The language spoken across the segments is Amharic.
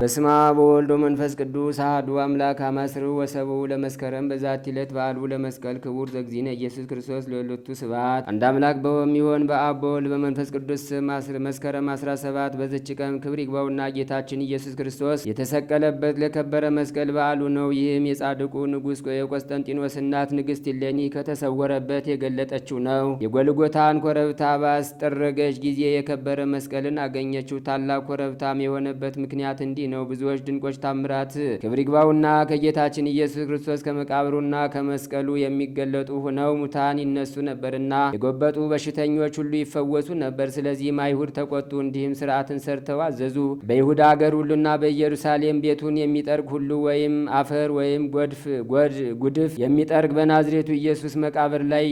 በስማ በወልዶ መንፈስ ቅዱስ አህዱ አምላክ አማስር ወሰቡ ለመስከረም በዛቲ ዕለት በዓሉ ለመስቀል ክቡር ዘግዚነ ኢየሱስ ክርስቶስ ለሁለቱ ስብሐት አንድ አምላክ በሚሆን በአብ በወልድ በመንፈስ ቅዱስ ስም መስከረም 17 በዝች ቀን ክብር ይግባውና ጌታችን ኢየሱስ ክርስቶስ የተሰቀለበት ለከበረ መስቀል በዓሉ ነው። ይህም የጻድቁ ንጉሥ የቆስጠንጢኖስ እናት ንግሥት እሌኒ ከተሰወረበት የገለጠችው ነው። የጎልጎታን ኮረብታ ባስጠረገች ጊዜ የከበረ መስቀልን አገኘችው። ታላቅ ኮረብታም የሆነ የሆነበት ምክንያት እንዲህ ነው። ብዙዎች ድንቆች ታምራት ክብር ይግባውና ከጌታችን ኢየሱስ ክርስቶስ ከመቃብሩና ከመስቀሉ የሚገለጡ ሆነው ሙታን ይነሱ ነበርና የጎበጡ በሽተኞች ሁሉ ይፈወሱ ነበር። ስለዚህም አይሁድ ተቆጡ። እንዲህም ስርዓትን ሰርተው አዘዙ። በይሁዳ አገር ሁሉና በኢየሩሳሌም ቤቱን የሚጠርግ ሁሉ ወይም አፈር ወይም ጎድፍ ጉድፍ የሚጠርግ በናዝሬቱ ኢየሱስ መቃብር ላይ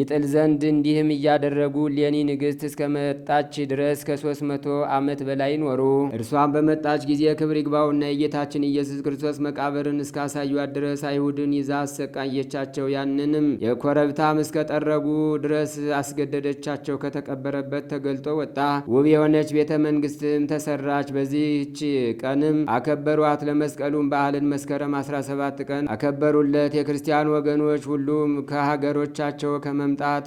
ይጥል ዘንድ እንዲህም እያደረጉ ሌኒ ንግሥት እስከመጣች ድረስ ከሶስት መቶ ዓመት በላይ ኖሩ። እርሷ እርሷን በመጣች ጊዜ ክብር ይግባውና የጌታችን ኢየሱስ ክርስቶስ መቃብርን እስካሳዩአት ድረስ አይሁድን ይዛ አሰቃየቻቸው። ያንንም የኮረብታም እስከጠረጉ ድረስ አስገደደቻቸው። ከተቀበረበት ተገልጦ ወጣ። ውብ የሆነች ቤተ መንግስትም ተሰራች። በዚህች ቀንም አከበሯት። ለመስቀሉን በዓልን መስከረም 17 ቀን አከበሩለት። የክርስቲያን ወገኖች ሁሉም ከሀገሮቻቸው ከመምጣት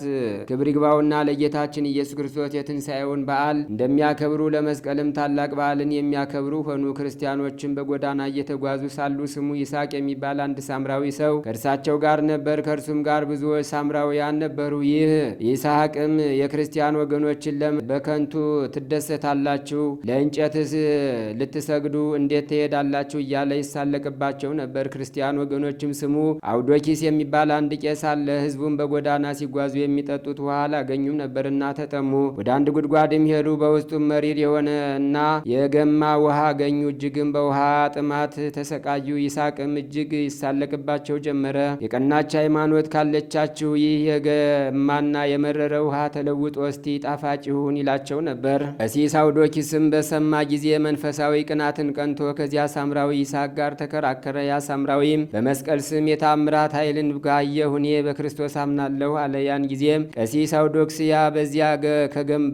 ክብር ይግባውና ለጌታችን ኢየሱስ ክርስቶስ የትንሣኤውን በዓል እንደሚያከብሩ ለመስቀልም ታላቅ በዓልን የሚያከብሩ ሆኑ። ክርስቲያኖችን በጎዳና እየተጓዙ ሳሉ ስሙ ይስሐቅ የሚባል አንድ ሳምራዊ ሰው ከእርሳቸው ጋር ነበር። ከእርሱም ጋር ብዙዎች ሳምራውያን ነበሩ። ይህ ይስሐቅም የክርስቲያን ወገኖችን ለምን በከንቱ ትደሰታላችሁ? ለእንጨትስ ልትሰግዱ እንዴት ትሄዳላችሁ? እያለ ይሳለቅባቸው ነበር። ክርስቲያን ወገኖችም ስሙ አውዶኪስ የሚባል አንድ ቄስ አለ። ህዝቡም በጎዳና ሲጓዙ የሚጠጡት ውሃ አላገኙም ነበርና ተጠሙ። ወደ አንድ ጉድጓድም ሄዱ። በውስጡም መሪር የሆነ እና የገ የተጠማ ውሃ አገኙ። እጅግም በውሃ ጥማት ተሰቃዩ። ይሳቅም እጅግ ይሳለቅባቸው ጀመረ። የቀናች ሃይማኖት ካለቻችሁ ይህ የገማና የመረረ ውሃ ተለውጦ እስቲ ጣፋጭ ይሁን ይላቸው ነበር። ከሲሳውዶኪስም በሰማ ጊዜ መንፈሳዊ ቅናትን ቀንቶ ከዚያ ሳምራዊ ይሳቅ ጋር ተከራከረ። ያ ሳምራዊም በመስቀል ስም የታምራት ኃይልን ጋየ ሁኔ በክርስቶስ አምናለሁ አለ። ያን ጊዜም ቀሲሳውዶክስያ በዚያ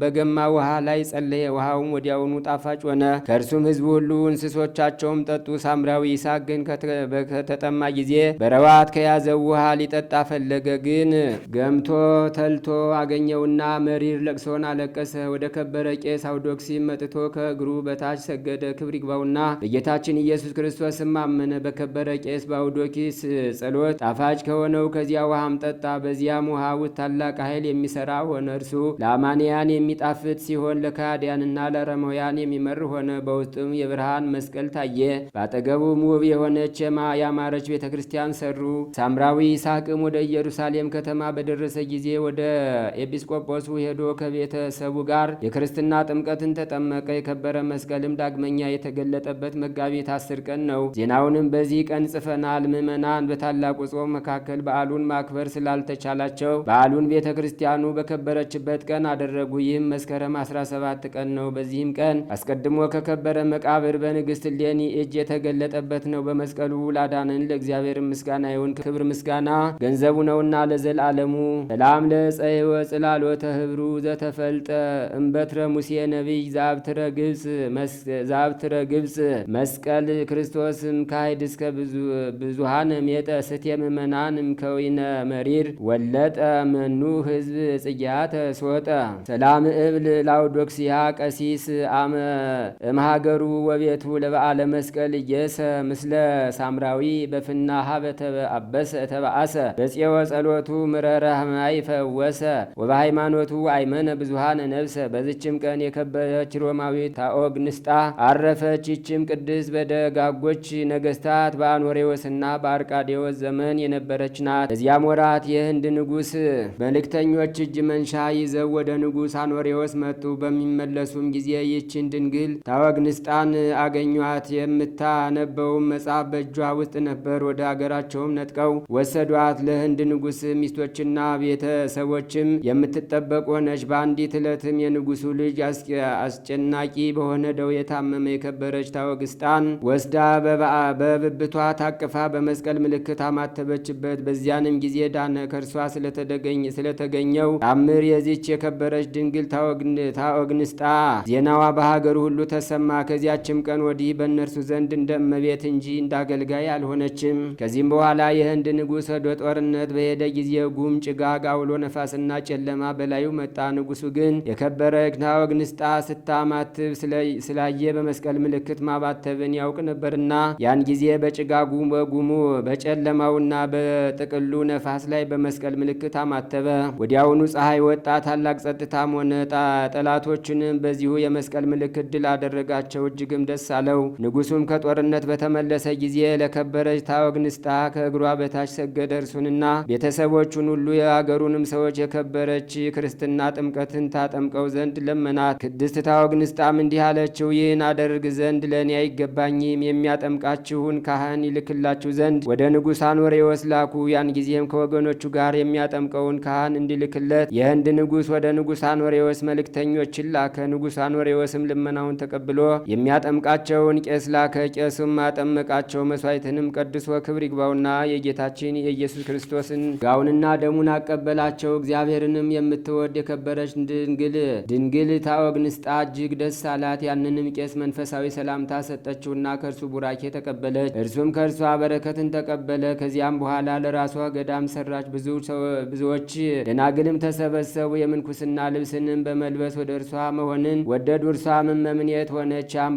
በገማ ውሃ ላይ ጸለየ። ውሃውም ወዲያውኑ ጣፋጭ ሆነ። ከእርሱም ህዝቡ ሁሉ እንስሶቻቸውም ጠጡ። ሳምራዊ ይስሐቅ ግን በተጠማ ጊዜ በረባት ከያዘው ውሃ ሊጠጣ ፈለገ። ግን ገምቶ ተልቶ አገኘውና መሪር ለቅሶን አለቀሰ። ወደ ከበረ ቄስ አውዶክሲም መጥቶ ከእግሩ በታች ሰገደ። ክብር ይግባውና በጌታችን ኢየሱስ ክርስቶስም አመነ። በከበረ ቄስ በአውዶኪስ ጸሎት ጣፋጭ ከሆነው ከዚያ ውሃም ጠጣ። በዚያም ውሃ ውስጥ ታላቅ ኃይል የሚሰራ ሆነ። እርሱ ለአማንያን የሚጣፍጥ ሲሆን ለካህዲያንና ለረመውያን የሚመር ሆነ። በውስጡም የብርሃን መስቀል ታየ። በአጠገቡም ውብ የሆነች ያማረች ቤተ ክርስቲያን ሰሩ። ሳምራዊ ይስሐቅም ወደ ኢየሩሳሌም ከተማ በደረሰ ጊዜ ወደ ኤጲስቆጶሱ ሄዶ ከቤተሰቡ ጋር የክርስትና ጥምቀትን ተጠመቀ። የከበረ መስቀልም ዳግመኛ የተገለጠበት መጋቢት አስር ቀን ነው። ዜናውንም በዚህ ቀን ጽፈናል። ምዕመናን በታላቁ ጾም መካከል በዓሉን ማክበር ስላልተቻላቸው በዓሉን ቤተ ክርስቲያኑ በከበረችበት ቀን አደረጉ። ይህም መስከረም 17 ቀን ነው። በዚህም ቀን አስቀድሞ በከበረ መቃብር በንግሥት ሌኒ እጅ የተገለጠበት ነው። በመስቀሉ ላዳንን ለእግዚአብሔር ምስጋና ይሁን፣ ክብር ምስጋና ገንዘቡ ነውና ለዘላለሙ። ሰላም ለጸይወ ጽላሎተ ህብሩ ዘተፈልጠ እምበትረ ሙሴ ነቢይ ዛብትረ ግብፅ ዛብትረ ግብፅ መስቀል ክርስቶስም ካይድ እስከ ብዙሃን ሜጠ ስቴ ምእመናን እምከዊነ መሪር ወለጠ መኑ ህዝብ ጽጌያተ ስወጠ ሰላም እብል ላውዶክሲያ ቀሲስ አመ ለመሃገሩ ወቤቱ ለበዓለ መስቀል እየሰ ምስለ ሳምራዊ በፍና ሀበተ አበሰ ተበአሰ በጽዮ ጸሎቱ ምረረ ህማይ ፈወሰ ወበሃይማኖቱ አይመነ ብዙሃን ነብሰ። በዝችም ቀን የከበረች ሮማዊ ታኦግ ንስጣ አረፈች። ይችም ቅድስት በደጋጎች ነገስታት በአኖሬዎስና በአርቃዴዎስ ዘመን የነበረች ናት። በዚያም ወራት የህንድ ንጉስ መልእክተኞች እጅ መንሻ ይዘው ወደ ንጉስ አኖሬዎስ መጡ። በሚመለሱም ጊዜ ይችን ድንግል አግንስጣን አገኟት። የምታነበውም መጽሐፍ በእጇ ውስጥ ነበር። ወደ አገራቸውም ነጥቀው ወሰዷት። ለህንድ ንጉሥ ሚስቶችና ቤተሰቦችም የምትጠበቅ ሆነች። በአንዲት ዕለትም የንጉሱ ልጅ አስጨናቂ በሆነ ደዌ የታመመ የከበረች ታወግስጣን ወስዳ በብብቷ ታቅፋ በመስቀል ምልክት አማተበችበት። በዚያንም ጊዜ ዳነ። ከእርሷ ስለተገኘው ታምር የዚች የከበረች ድንግል ታወግንስጣ ዜናዋ በሀገሩ ሁሉ ሰማ። ከዚያችም ቀን ወዲህ በእነርሱ ዘንድ እንደ እመቤት እንጂ እንደ አገልጋይ አልሆነችም። ከዚህም በኋላ የህንድ ንጉሥ ወደ ጦርነት በሄደ ጊዜ ጉም፣ ጭጋግ፣ አውሎ ነፋስና ጨለማ በላዩ መጣ። ንጉሱ ግን የከበረ ናወግ ንስጣ ስታማትብ ስላየ በመስቀል ምልክት ማባተብን ያውቅ ነበርና ያን ጊዜ በጭጋጉ በጉሙ በጨለማውና በጥቅሉ ነፋስ ላይ በመስቀል ምልክት አማተበ። ወዲያውኑ ፀሐይ ወጣ። ታላቅ ጸጥታም ሆነ። ጠላቶችንም በዚሁ የመስቀል ምልክት ድል አደረ አደረጋቸው፣ እጅግም ደስ አለው። ንጉሱም ከጦርነት በተመለሰ ጊዜ ለከበረች ንስጣ ከእግሯ በታች ሰገደ። እርሱንና ቤተሰቦቹን ሁሉ የአገሩንም ሰዎች የከበረች ክርስትና ጥምቀትን ታጠምቀው ዘንድ ለመናት። ቅድስት ታወግንስጣም እንዲህ አለችው፣ ይህን አደርግ ዘንድ ለእኔ አይገባኝም። የሚያጠምቃችሁን ካህን ይልክላችሁ ዘንድ ወደ ንጉሥ አኖሬዎስ ላኩ። ያን ጊዜም ከወገኖቹ ጋር የሚያጠምቀውን ካህን እንዲልክለት የህንድ ንጉሥ ወደ ንጉሥ አኖሬዎስ መልእክተኞችን ላከ። ንጉሥ አኖሬዎስም ልመናውን ተቀበ ተቀብሎ የሚያጠምቃቸውን ቄስ ላከ። ቄስም አጠመቃቸው። መስዋዕትንም ቀድሶ ክብር ይግባውና የጌታችን የኢየሱስ ክርስቶስን ጋውንና ደሙን አቀበላቸው። እግዚአብሔርንም የምትወድ የከበረች ድንግል ድንግል ታወግንስጣ እጅግ ደስ አላት። ያንንም ቄስ መንፈሳዊ ሰላምታ ሰጠችውና ከእርሱ ቡራኬ ተቀበለች። እርሱም ከእርሷ በረከትን ተቀበለ። ከዚያም በኋላ ለራሷ ገዳም ሰራች። ብዙዎች ደናግልም ተሰበሰቡ። የምንኩስና ልብስንም በመልበስ ወደ እርሷ መሆንን ወደዱ። እርሷ እመምኔት ሆነች። ያም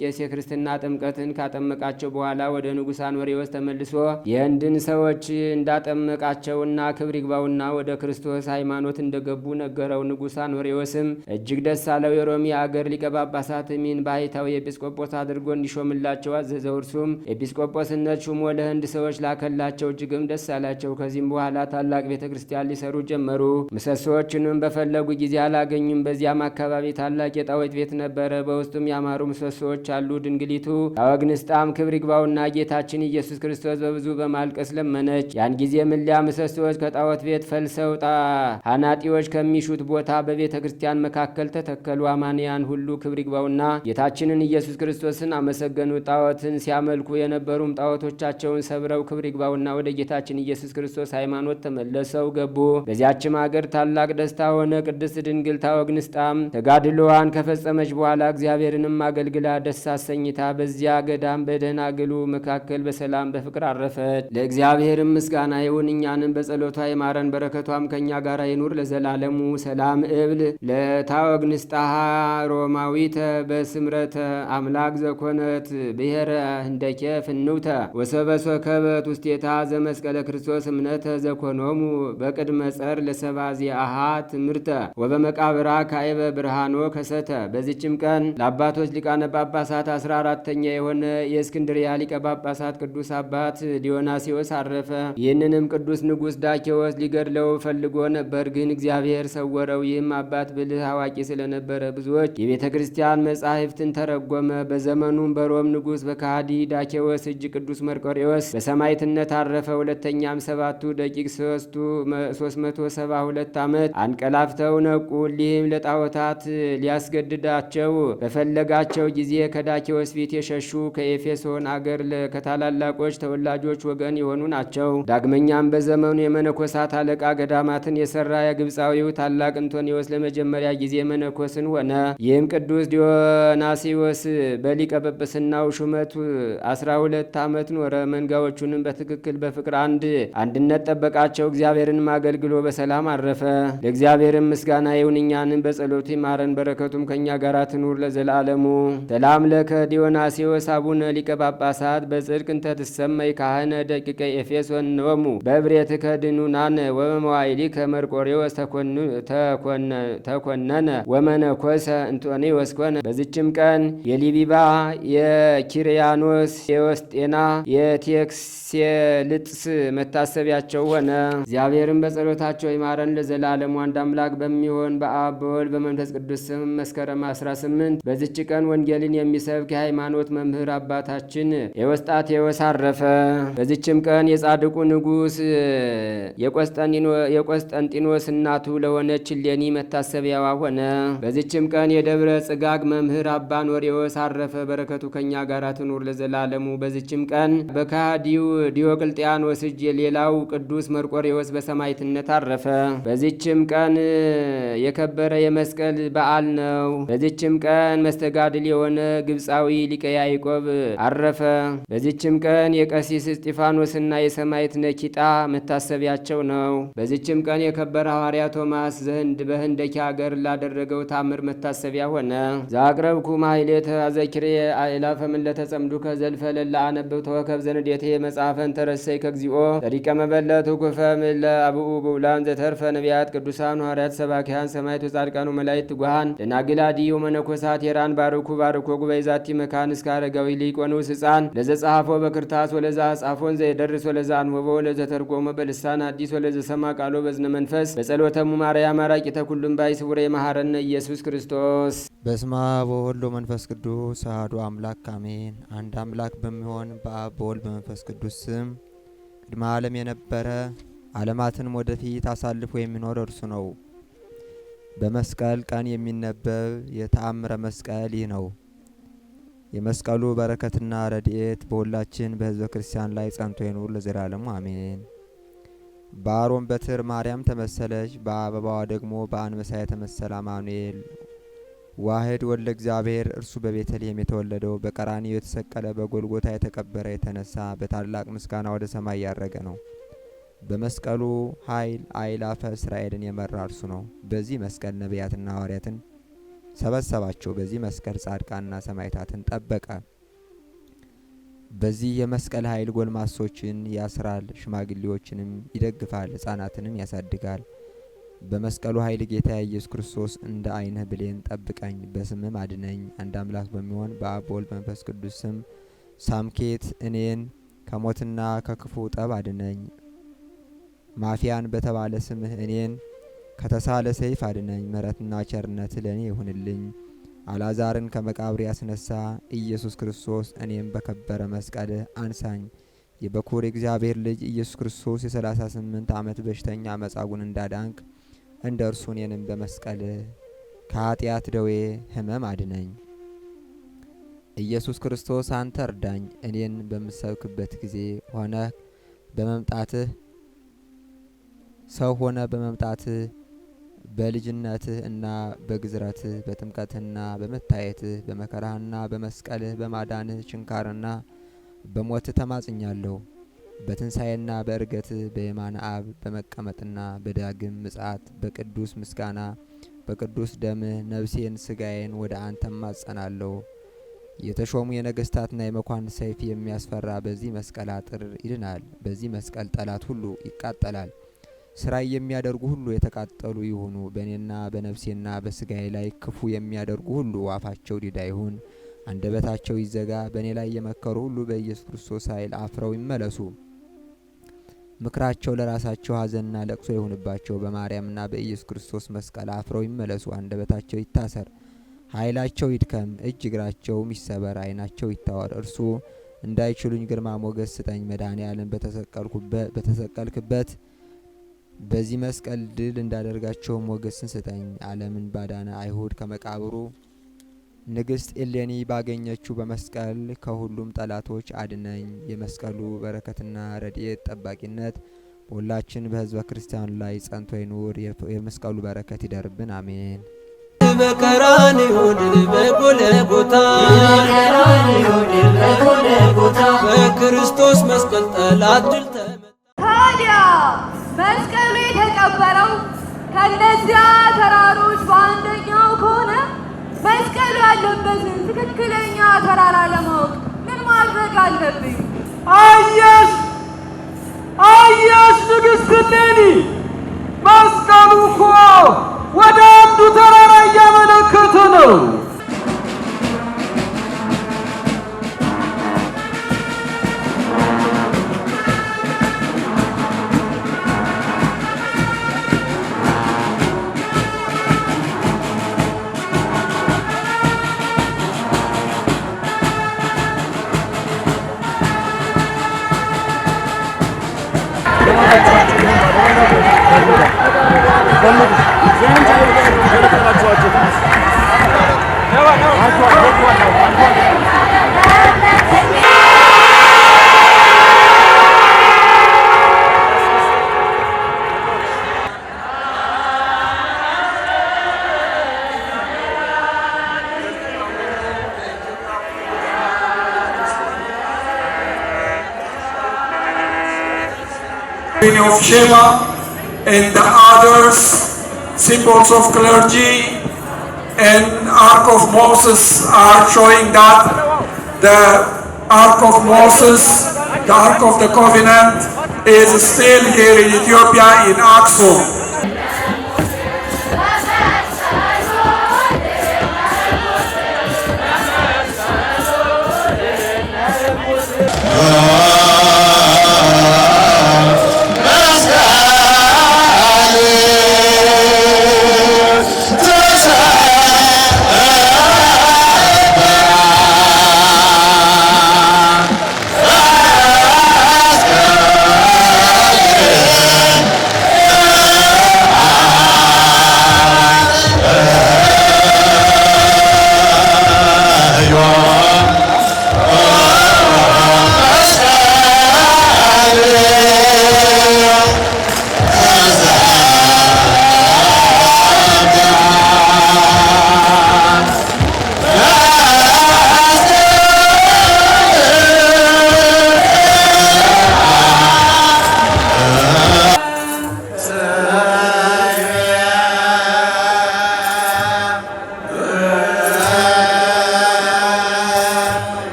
ቄስ የክርስትና ጥምቀትን ካጠመቃቸው በኋላ ወደ ንጉሥ አንወሬዎስ ተመልሶ የህንድን ሰዎች እንዳጠመቃቸውና ክብር ይግባውና ወደ ክርስቶስ ሃይማኖት እንደገቡ ነገረው። ንጉሥ አንወሬዎስም እጅግ ደስ አለው። የሮሚ አገር ሊቀ ጳጳሳት ሚን ባህታዊ ኤጲስቆጶስ አድርጎ እንዲሾምላቸው አዘዘው። እርሱም ኤጲስቆጶስነት ሹሞ ለህንድ ሰዎች ላከላቸው። እጅግም ደስ አላቸው። ከዚህም በኋላ ታላቅ ቤተ ክርስቲያን ሊሰሩ ጀመሩ። ምሰሶዎችንም በፈለጉ ጊዜ አላገኙም። በዚያም አካባቢ ታላቅ የጣዖት ቤት ነበረ። በውስጥ ውስጡም ያማሩ ምሰሶዎች አሉ። ድንግሊቱ አወግንስጣም ክብር ይግባውና ጌታችን ኢየሱስ ክርስቶስ በብዙ በማልቀስ ለመነች። ያን ጊዜ ምልያ ምሰሶዎች ከጣዖት ቤት ፈልሰው አናጢዎች ከሚሹት ቦታ በቤተ ክርስቲያን መካከል ተተከሉ። አማንያን ሁሉ ክብር ይግባውና ጌታችንን ኢየሱስ ክርስቶስን አመሰገኑ። ጣዖትን ሲያመልኩ የነበሩም ጣዖቶቻቸውን ሰብረው ክብር ይግባውና ወደ ጌታችን ኢየሱስ ክርስቶስ ሃይማኖት ተመለሰው ገቡ። በዚያችም አገር ታላቅ ደስታ ሆነ። ቅድስት ድንግል ታወግንስጣም ተጋድሎዋን ከፈጸመች በኋላ እግዚአብሔር እግዚአብሔርንም አገልግላ ደስ አሰኝታ በዚያ ገዳም በደናግሉ መካከል በሰላም በፍቅር አረፈች። ለእግዚአብሔርም ምስጋና ይሁን፣ እኛንም በጸሎቷ ይማረን፣ በረከቷም ከእኛ ጋር ይኑር ለዘላለሙ። ሰላም እብል ለታወግ ንስጣሃ ሮማዊተ በስምረተ አምላክ ዘኮነት ብሔረ ህንደኬ ፍንውተ ወሰበሶ ከበት ውስጤታ ዘመስቀለ ክርስቶስ እምነተ ዘኮኖሙ በቅድመ ጸር ለሰባዚ ዚአሃ ትምህርተ ወበመቃብራ ካይበ ብርሃኖ ከሰተ በዚችም ቀን የአባቶች ሊቃነ ጳጳሳት አስራ አራተኛ የሆነ የእስክንድርያ ሊቀ ጳጳሳት ቅዱስ አባት ዲዮናሲዎስ አረፈ። ይህንንም ቅዱስ ንጉሥ ዳኬዎስ ሊገድለው ፈልጎ ነበር፣ ግን እግዚአብሔር ሰወረው። ይህም አባት ብልህ አዋቂ ስለነበረ ብዙዎች የቤተ ክርስቲያን መጻሕፍትን ተረጎመ። በዘመኑም በሮም ንጉሥ በካሃዲ ዳኬዎስ እጅ ቅዱስ መርቆሬዎስ በሰማይትነት አረፈ። ሁለተኛም ሰባቱ ደቂቅ ሶስቱ ሶስት መቶ ሰባ ሁለት ዓመት አንቀላፍተው ነቁ። ሊህም ለጣዖታት ሊያስገድዳቸው በፈለጋቸው ጊዜ ከዳኪዎስ ፊት የሸሹ ከኤፌሶን አገር ከታላላቆች ተወላጆች ወገን የሆኑ ናቸው። ዳግመኛም በዘመኑ የመነኮሳት አለቃ ገዳማትን የሰራ የግብፃዊው ታላቅ እንቶኒዎስ ለመጀመሪያ ጊዜ መነኮስን ሆነ። ይህም ቅዱስ ዲዮናሲዎስ በሊቀ ጵጵስናው ሹመቱ አስራ ሁለት ዓመት ኖረ። መንጋዎቹንም በትክክል በፍቅር አንድ አንድነት ጠበቃቸው። እግዚአብሔርን አገልግሎ በሰላም አረፈ። ለእግዚአብሔርም ምስጋና ይሁን እኛንም በጸሎቱ ይማረን በረከቱም ከእኛ ጋር ትኑር ለዘ ለዘላለሙ። ሰላም ለከ ዲዮናሴዎስ አቡነ ሊቀ ጳጳሳት በጽድቅ እንተ ትሰመይ ካህነ ደቂቀ ኤፌሶን በብሬት በብሬትከ ወመዋይ ሊከ መርቆሬዎስ ተኮነነ ወመነኮሰ እንጦኔዎስ ወስኮነ። በዚችም ቀን የሊቢባ የኪሪያኖስ የወስጤና የቴክሴልጥስ መታሰቢያቸው ሆነ። እግዚአብሔርን በጸሎታቸው ይማረን ለዘላለሙ። አንድ አምላክ በሚሆን በአብ በወልድ በመንፈስ ቅዱስ ስም መስከረም 18 በዚች ቀን ወንጌልን የሚሰብክ የሃይማኖት መምህር አባታችን ኤዎስጣቴዎስ አረፈ። በዚችም ቀን የጻድቁ ንጉሥ የቆስጠንጢኖስ እናቱ ለሆነች ሌኒ መታሰቢያዋ ሆነ። በዚችም ቀን የደብረ ጽጋግ መምህር አባ ኖሬዎስ አረፈ። በረከቱ ከኛ ጋር ትኑር ለዘላለሙ። በዚችም ቀን በካዲው ዲዮቅልጥያኖስ እጅ የሌላው ቅዱስ መርቆሬዎስ በሰማዕትነት አረፈ። በዚችም ቀን የከበረ የመስቀል በዓል ነው። በዚችም ቀን ቀን መስተጋድል የሆነ ግብፃዊ ሊቀ ያዕቆብ አረፈ። በዚችም ቀን የቀሲስ እስጢፋኖስና የሰማይት ነኪጣ መታሰቢያቸው ነው። በዚችም ቀን የከበረ ሐዋርያ ቶማስ ዘህንድ በህንደኪ አገር ላደረገው ታምር መታሰቢያ ሆነ። ዛቅረብኩ ማሕሌተ አዘኪሬ አእላፈ ምለተ ጸምዱከ ዘልፈ ለላ አነበብ ተወከብ ዘንዴቴ መጽሐፈን ተረሰይ ከግዚኦ ጸዲቀ መበለት ኩፈ ምለ አብኡ ብውላን ዘተርፈ ነቢያት ቅዱሳን ሐዋርያት ሰባኪያን ሰማይት ወጻድቃኑ መላይት ጓሃን ደናግላዲዩ መነኮሳት ኬራን ባርኩ ባርኮ ጉባኤ ዛቲ መካን እስከ አረጋዊ ሊቆኖስ ህፃን ለዘጸሐፎ በክርታስ ወለዛ ጻፎን ዘይደርስ ወለዛ አንወቦ ወለዘ በልሳን አዲስ ወለዘ ሰማ ቃሎ በዝነ መንፈስ በጸሎተሙ ማርያ ማራቂ ተኩሉም ባይ ስውረ የመሐረነ ኢየሱስ ክርስቶስ በስማ በወልድ መንፈስ ቅዱስ አሐዱ አምላክ አሜን። አንድ አምላክ በሚሆን በአብ በወልድ በመንፈስ ቅዱስ ስም ቅድመ ዓለም የነበረ ዓለማትንም ወደፊት አሳልፎ የሚኖር እርሱ ነው። በመስቀል ቀን የሚነበብ የተአምረ መስቀል ይህ ነው። የመስቀሉ በረከትና ረድኤት በሁላችን በሕዝበ ክርስቲያን ላይ ጸንቶ ይኑር ለዘላለሙ አሜን። በአሮን በትር ማርያም ተመሰለች፣ በአበባዋ ደግሞ በአንበሳ የተመሰለ አማኑኤል ዋህድ ወልደ እግዚአብሔር እርሱ በቤተልሔም የተወለደው በቀራንዮ የተሰቀለ በጎልጎታ የተቀበረ የተነሳ በታላቅ ምስጋና ወደ ሰማይ ያረገ ነው። በመስቀሉ ኃይል አይላፈ እስራኤልን የመራ እርሱ ነው። በዚህ መስቀል ነቢያትና ሐዋርያትን ሰበሰባቸው። በዚህ መስቀል ጻድቃንና ሰማዕታትን ጠበቀ። በዚህ የመስቀል ኃይል ጎልማሶችን ያስራል፣ ሽማግሌዎችንም ይደግፋል፣ ሕፃናትንም ያሳድጋል። በመስቀሉ ኃይል ጌታ ኢየሱስ ክርስቶስ እንደ ዓይንህ ብሌን ጠብቀኝ፣ በስምም አድነኝ። አንድ አምላክ በሚሆን በአብ በመንፈስ ቅዱስ ስም ሳምኬት እኔን ከሞትና ከክፉ ጠብ አድነኝ። ማፊያን በተባለ ስምህ እኔን ከተሳለ ሰይፍ አድነኝ። ምሕረትና ቸርነት ለእኔ ይሁንልኝ። አላዛርን ከመቃብር ያስነሳ ኢየሱስ ክርስቶስ እኔም በከበረ መስቀል አንሳኝ። የበኩር የእግዚአብሔር ልጅ ኢየሱስ ክርስቶስ የሰላሳ ስምንት ዓመት በሽተኛ መጻጉን እንዳዳንክ እንደ እርሱ እኔንም በመስቀል ከኃጢአት ደዌ ህመም አድነኝ። ኢየሱስ ክርስቶስ አንተ እርዳኝ። እኔን በምሰብክበት ጊዜ ሆነ በመምጣትህ ሰው ሆነ በመምጣት በልጅነትህ እና በግዝረትህ በጥምቀትህና በመታየትህ በመከራህና በመስቀልህ በማዳንህ ችንካርና በሞትህ ተማጽኛለሁ። በትንሣኤና በእርገትህ በየማነ አብ በመቀመጥና በዳግም ምጽአት በቅዱስ ምስጋና በቅዱስ ደምህ ነብሴን ስጋዬን ወደ አንተ ማጸናለሁ። የተሾሙ የነገስታትና የመኳን ሰይፍ የሚያስፈራ በዚህ መስቀል አጥር ይድናል። በዚህ መስቀል ጠላት ሁሉ ይቃጠላል። ስራ የሚያደርጉ ሁሉ የተቃጠሉ ይሁኑ። በእኔና በነፍሴና በስጋዬ ላይ ክፉ የሚያደርጉ ሁሉ አፋቸው ዲዳ ይሁን፣ አንደበታቸው ይዘጋ። በእኔ ላይ የመከሩ ሁሉ በኢየሱስ ክርስቶስ ኃይል አፍረው ይመለሱ። ምክራቸው ለራሳቸው ሐዘንና ለቅሶ ይሁንባቸው። በማርያምና በኢየሱስ ክርስቶስ መስቀል አፍረው ይመለሱ። አንደበታቸው ይታሰር፣ ኃይላቸው ይድከም፣ እጅ እግራቸውም ይሰበር፣ ዓይናቸው ይታወር። እርሱ እንዳይችሉኝ ግርማ ሞገስ ስጠኝ። መድኃኔ ዓለም በተሰቀልክበት በዚህ መስቀል ድል እንዳደርጋቸው ሞገስን ስጠኝ። ዓለምን ባዳነ አይሁድ ከመቃብሩ ንግሥት ኤሌኒ ባገኘችው በመስቀል ከሁሉም ጠላቶች አድነኝ። የመስቀሉ በረከትና ረድኤት ጠባቂነት በሁላችን በሕዝበ ክርስቲያኑ ላይ ጸንቶ ይኑር። የመስቀሉ በረከት ይደርብን፣ አሜን። በቀራንዮ ድል በጎልጎታ በክርስቶስ መስቀል ጠላት ድል ተመታ። መስቀሉ የተቀበረው ከእነዚያ ተራሮች በአንደኛው ከሆነ መስቀሉ ያለበትን ትክክለኛ ተራራ ለማወቅ ምን ማድረግ አለብኝ? አየሽ አየሽ ንግሥት እሌኒ መስቀሉ እኮ ወደ አንዱ ተራራ እያመለከተ ነው። Union of Shema and the others symbols of clergy, and Ark of Moses are showing that the Ark of Moses, the Ark of the Covenant, is still here in Ethiopia in Aksum. Oh.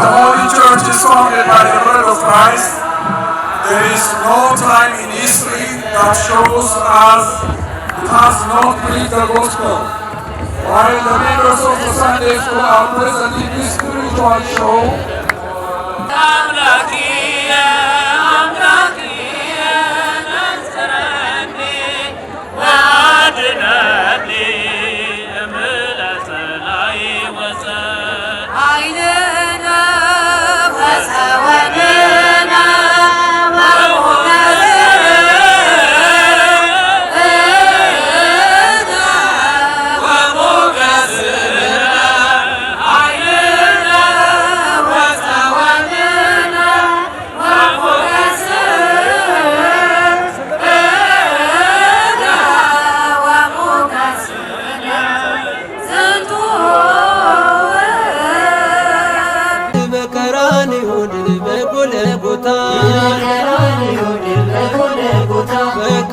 the Holy Church is founded by the Word of Christ. There is no time in history that shows us it has not preached the gospel. While the members of the Sunday school are in this spiritual show,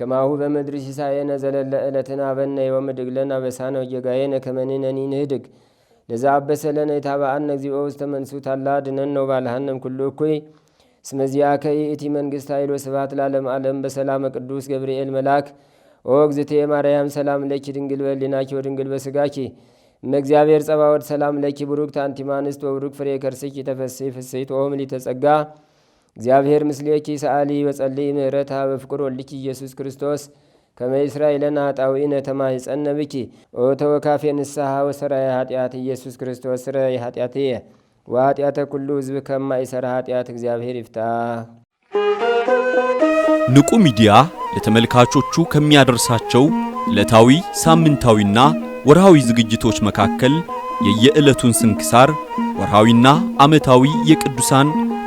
ከማሁ በምድሪ ሲሳየነ ዘለለ ዕለትን አበነ የወምድግለን አበሳነ ወጌጋየነ ከመኒነኒ ንህድግ ለዛ አበሰለነ የታባአነ እግዚኦ ውስተ መንሱት አላ ድነን ነው ባልሃንም ኩሉ እኩይ ስመዚያ ከይ እቲ መንግሥት ኃይሎ ስብሐት ላለም ዓለም በሰላመ ቅዱስ ገብርኤል መልአክ ኦ እግዝቴ ማርያም ሰላም ለኪ ድንግል በሊናኪ ወድንግል በስጋኪ እመእግዚአብሔር ጸባወድ ሰላም ለኪ ብሩክ ታንቲማንስት እምአንስት ፍሬ ከርስኪ ተፈሴ ፍሴት ኦ ምልዕተ እግዚአብሔር ምስሌኪ ሰአሊ ወጸልይ ምህረታ በፍቅር ወልኪ ኢየሱስ ክርስቶስ ከመእስራኤለን አጣዊ ነተማ ይጸነብኪ ኦተ ወካፌ ንስሓ ወሰራይ ኃጢአት ኢየሱስ ክርስቶስ ስረ ስረይ እየ ወኃጢአተ ኩሉ ህዝብ ከማ ይሰራ ኃጢአት እግዚአብሔር ይፍታ። ንቁ ሚዲያ ለተመልካቾቹ ከሚያደርሳቸው ዕለታዊ ሳምንታዊና ወርሃዊ ዝግጅቶች መካከል የየዕለቱን ስንክሳር ወርሃዊና ዓመታዊ የቅዱሳን